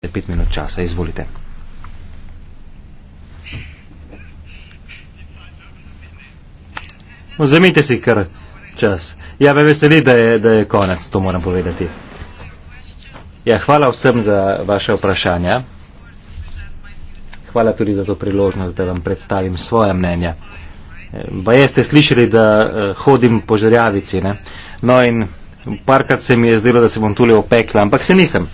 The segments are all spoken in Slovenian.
pet minut časa, izvolite. Vzemite no, si kar čas. Ja, me veseli, da je, da je konec, to moram povedati. Ja, hvala vsem za vaše vprašanja. Hvala tudi za to priložnost, da vam predstavim svoje mnenja. Ba jeste slišali, da eh, hodim po žrjavici, ne? No in parkrat se mi je zdelo, da se bom tule opekla, ampak se nisem.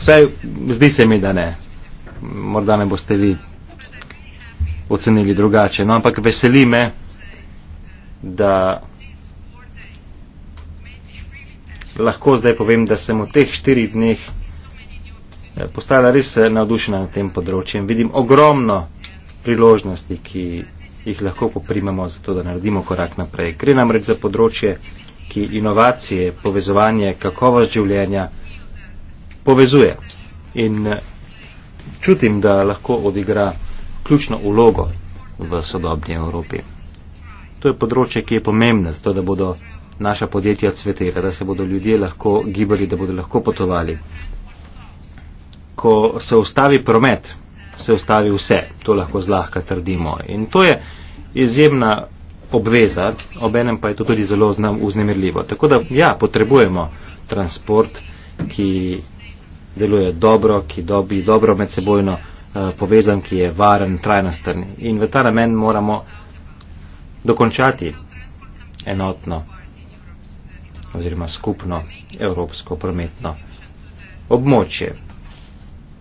Vsaj zdi se mi, da ne. Morda me boste vi ocenili drugače. No, ampak veseli me, da lahko zdaj povem, da sem v teh štirih dneh eh, postala res eh, navdušena na tem področju. Vidim ogromno priložnosti, ki jih lahko poprimemo za to, da naredimo korak naprej. Gre namreč za področje, ki inovacije, povezovanje, kakovost življenja, povezuje. In eh, čutim, da lahko odigra ključno ulogo v sodobni Evropi. To je področje, ki je pomembno, zato da bodo naša podjetja cvetela, da se bodo ljudje lahko gibali, da bodo lahko potovali. Ko se ustavi promet, se ustavi vse, to lahko zlahka trdimo. In to je izjemna obveza, obenem pa je to tudi zelo znam uznemirljivo. Tako da ja, potrebujemo transport, ki deluje dobro, ki dobi dobro medsebojno eh, povezan, ki je varen, trajnostrni. In v ta namen moramo dokončati enotno oziroma skupno evropsko prometno območje.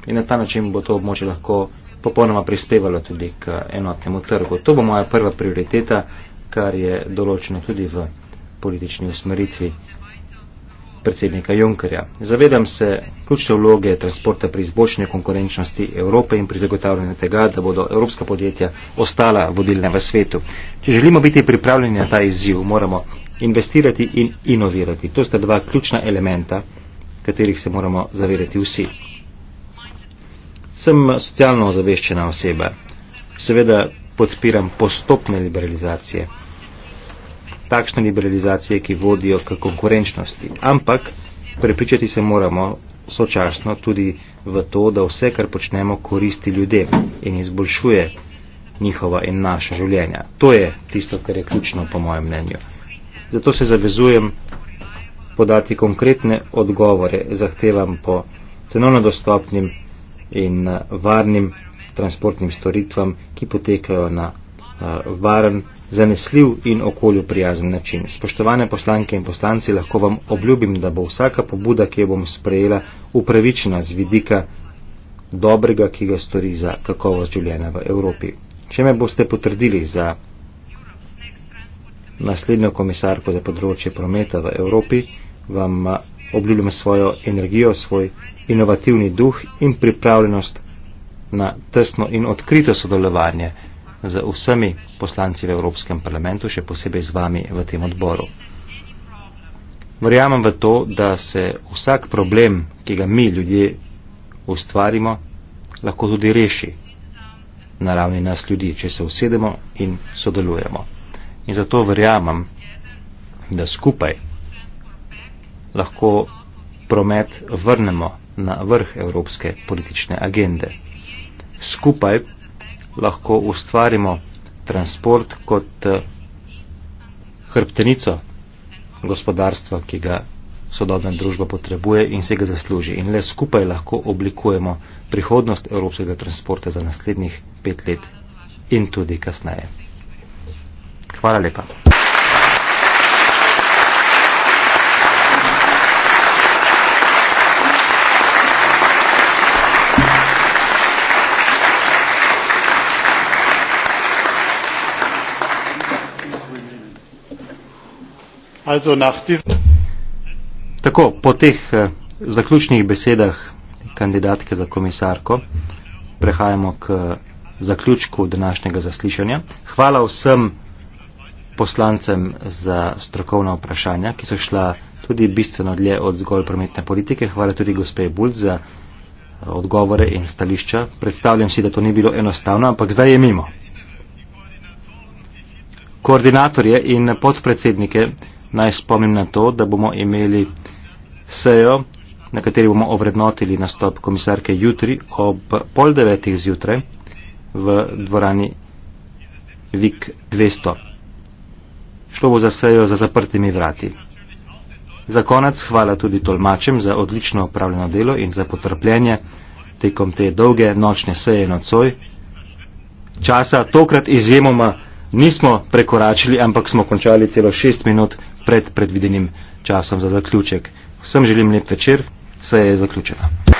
In na ta način bo to območje lahko popolnoma prispevalo tudi k enotnemu trgu. To bo moja prva prioriteta, kar je določeno tudi v politični usmeritvi predsednika Junkerja. Zavedam se ključne vloge transporta pri izboljšanju konkurenčnosti Evrope in pri zagotavljanju tega, da bodo evropska podjetja ostala vodilna v svetu. Če želimo biti pripravljeni na ta izziv, moramo investirati in inovirati. To sta dva ključna elementa, katerih se moramo zavedati vsi. Sem socialno ozaveščena oseba. Seveda podpiram postopne liberalizacije takšne liberalizacije, ki vodijo k konkurenčnosti. Ampak prepričati se moramo sočasno tudi v to, da vse, kar počnemo, koristi ljudem in izboljšuje njihova in naša življenja. To je tisto, kar je ključno po mojem mnenju. Zato se zavezujem podati konkretne odgovore, zahtevam po cenovno dostopnim in eh, varnim transportnim storitvam, ki potekajo na Eh, varen, zanesljiv in okolju prijazen način. Spoštovane poslanke in poslanci, lahko vam obljubim, da bo vsaka pobuda, ki jo bom sprejela, upravičena z vidika dobrega, ki ga stori za kakovost življenja v Evropi. Če me boste potrdili za naslednjo komisarko za področje prometa v Evropi, vam eh, obljubim svojo energijo, svoj inovativni duh in pripravljenost na tesno in odkrito sodelovanje z vsemi poslanci v Evropskem parlamentu, še posebej z vami v tem odboru. Verjamem v to, da se vsak problem, ki ga mi ljudje ustvarimo, lahko tudi reši na ravni nas ljudi, če se usedemo in sodelujemo. In zato verjamem, da skupaj lahko promet vrnemo na vrh evropske politične agende. Skupaj lahko ustvarimo transport kot eh, hrbtenico gospodarstva, ki ga sodobna družba potrebuje in se ga zasluži. In le skupaj lahko oblikujemo prihodnost evropskega transporta za naslednjih pet let in tudi kasneje. Hvala lepa. Tako, po teh eh, zaključnih besedah kandidatke za komisarko prehajamo k eh, zaključku današnjega zaslišanja. Hvala vsem poslancem za strokovna vprašanja, ki so šla tudi bistveno dlje od zgolj prometne politike. Hvala tudi gospe Bulc za eh, odgovore in stališča. Predstavljam si, da to ni bilo enostavno, ampak zdaj je mimo. Koordinatorje in podpredsednike naj spomnim na to, da bomo imeli sejo, na kateri bomo ovrednotili nastop komisarke jutri ob pol devetih zjutraj v dvorani VIK 200. Šlo bo za sejo za zaprtimi vrati. Za konec hvala tudi tolmačem za odlično opravljeno delo in za potrpljenje tekom te dolge nočne seje nocoj. Časa tokrat izjemoma nismo prekoračili, ampak smo končali celo šest minut pred predvidenim časom za zaključek. Vsem želim lep večer, vse je zaključeno.